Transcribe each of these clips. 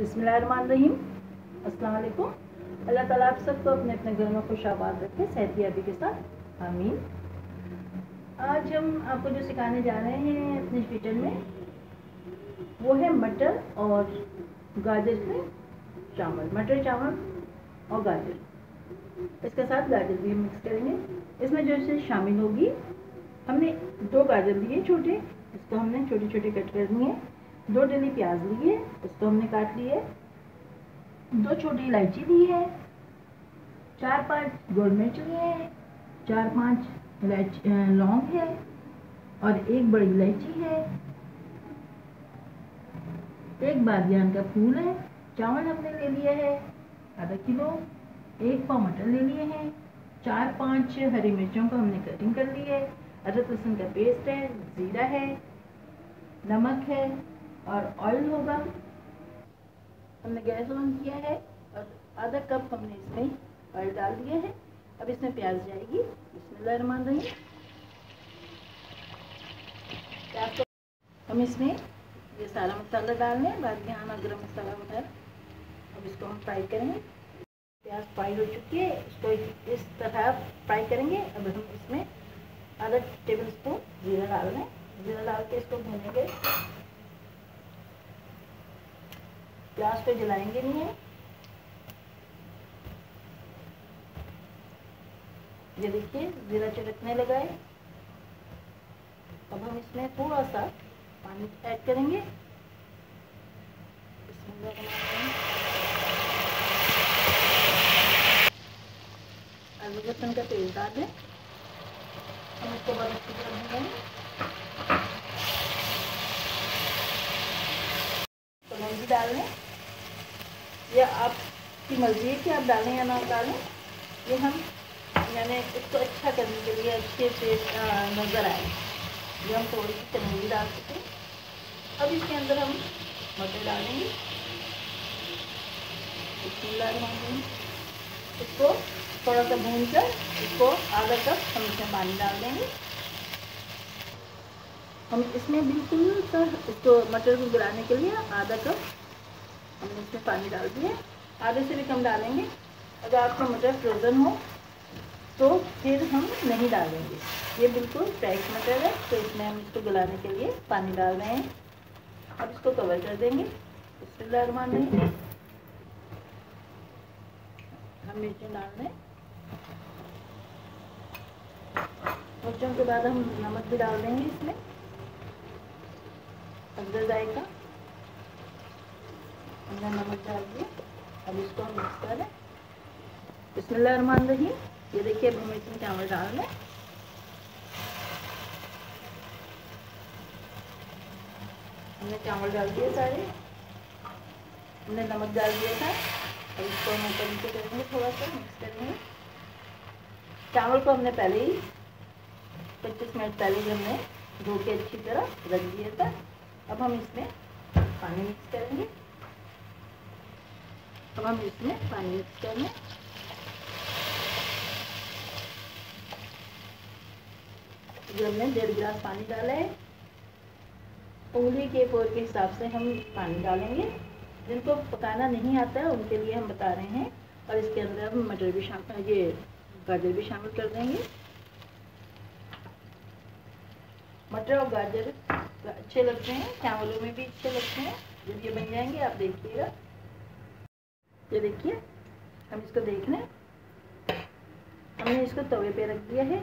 रहीम अल्लाम अल्लाह ताला आप सबको अपने अपने घर में खुशाबाद आबाद रखे सहतियाबी के साथ आमीन आज हम आपको जो सिखाने जा रहे हैं अपने किचन में वो है मटर और गाजर के चावल मटर चावल और गाजर इसके साथ गाजर भी मिक्स करेंगे इसमें जो चीज़ शामिल होगी हमने दो गाजर लिए छोटे इसको हमने छोटे छोटे कट कर दिए हैं दो डली प्याज ली है इसको हमने काट ली है दो छोटी इलायची ली है चार पांच गोल मिर्च लिए हैं चार पांच इलायची लौंग है और एक बड़ी इलायची है एक बादियान का फूल है चावल हमने ले लिया है आधा किलो एक पाव मटर ले लिए हैं चार पांच हरी मिर्चों को हमने कटिंग कर ली है अदरक लहसुन का पेस्ट है ज़ीरा है नमक है और ऑयल होगा हमने गैस ऑन किया है और आधा कप हमने इसमें ऑयल डाल दिया है अब इसमें प्याज जाएगी इसमें मान रही प्याज को हम इसमें ये सारा मसाला डाल लें बाद में हमारा गर्म मसाला वगैरह अब इसको हम फ्राई करेंगे प्याज फ्राई हो चुकी है इसको इस तरह फ्राई करेंगे अब हम इसमें आधा टेबल स्पून जीरा डाल हैं जीरा डाल के इसको भूनेंगे गैस पे तो जलाएंगे नहीं है ये देखिए ज़ीरा चटकने लगा है अब हम इसमें थोड़ा सा पानी ऐड करेंगे आलू लहसुन का तेल डाल दें हम इसको बहुत अच्छी तरह भूल तो मैं भी डाल दें मर्ज़ी है कि आप डालें या ना डालें ये हम मैंने इसको अच्छा करने के लिए अच्छे से नज़र आए ये हम थोड़ी सी चमेली डाल सकें अब इसके अंदर हम मटर डालेंगे इसको थोड़ा सा भून कर इसको आधा कप हम इसमें पानी डाल देंगे हम इसमें बिल्कुल सा इसको मटर को गिराने के लिए आधा कप हमने इसमें पानी डाल दिया आधे से भी कम डालेंगे अगर आपका मटर फ्रोज़न हो तो फिर हम नहीं डालेंगे ये बिल्कुल फ्रेश मटर है तो इसमें हम इसको गलाने के लिए पानी डाल रहे हैं अब इसको कवर कर देंगे बिस्मिल्लाहमान रही हम मिर्चें डाल रहे हैं मिर्चों के बाद हम नमक भी डाल देंगे इसमें अंदर जाएगा हमने नमक डाल दिया अब इसको हम मिक्स कर लें बिस्मिल्लाहमान रही ये देखिए अब हम इसमें चावल डाल लें हमने चावल डाल दिए सारे हमने नमक डाल दिया था और इसको हम ऊपर नीचे करेंगे थोड़ा सा मिक्स करेंगे चावल को हमने पहले ही पच्चीस मिनट पहले ही हमने धो के अच्छी तरह रख दिया था अब हम इसमें पानी मिक्स करेंगे अब तो हम इसमें पानी मिक्स कर लें जो हमने डेढ़ गिलास पानी डाला है उंगली के पोर के हिसाब से हम पानी डालेंगे जिनको पकाना नहीं आता है उनके लिए हम बता रहे हैं और इसके अंदर हम मटर भी शामिल ये गाजर भी शामिल कर देंगे मटर और गाजर अच्छे लगते हैं चावलों में भी अच्छे लगते हैं जब ये बन जाएंगे आप देखिएगा ये देखिए हम इसको देख लें हमने इसको तवे पे रख दिया है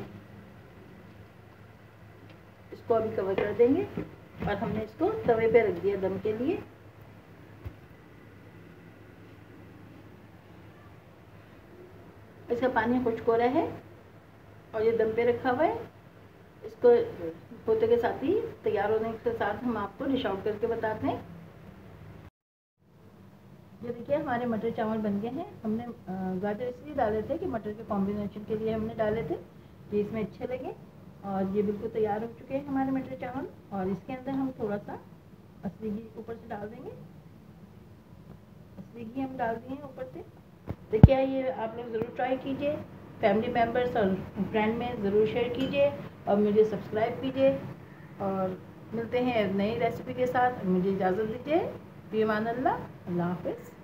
इसको अभी कवर कर देंगे और हमने इसको तवे पे रख दिया दम के लिए इसका पानी कुछ को रहा है और ये दम पे रखा हुआ है इसको पोते के साथ ही तैयार होने के साथ हम आपको डिश आउट करके बताते हैं ये देखिए हमारे मटर चावल बन गए हैं हमने गाजर इसलिए डाले थे कि मटर के कॉम्बिनेशन के लिए हमने डाले थे कि इसमें अच्छे लगे और ये बिल्कुल तैयार हो चुके हैं हमारे मटर चावल और इसके अंदर हम थोड़ा सा असली घी ऊपर से डाल देंगे असली घी हम डाल दिए ऊपर से देखिए ये आप लोग ज़रूर ट्राई कीजिए फैमिली मेम्बर्स और फ्रेंड में ज़रूर शेयर कीजिए और मुझे सब्सक्राइब कीजिए और मिलते हैं नई रेसिपी के साथ मुझे इजाज़त दीजिए बेमान अल्लाह अल्लाह हाफिज़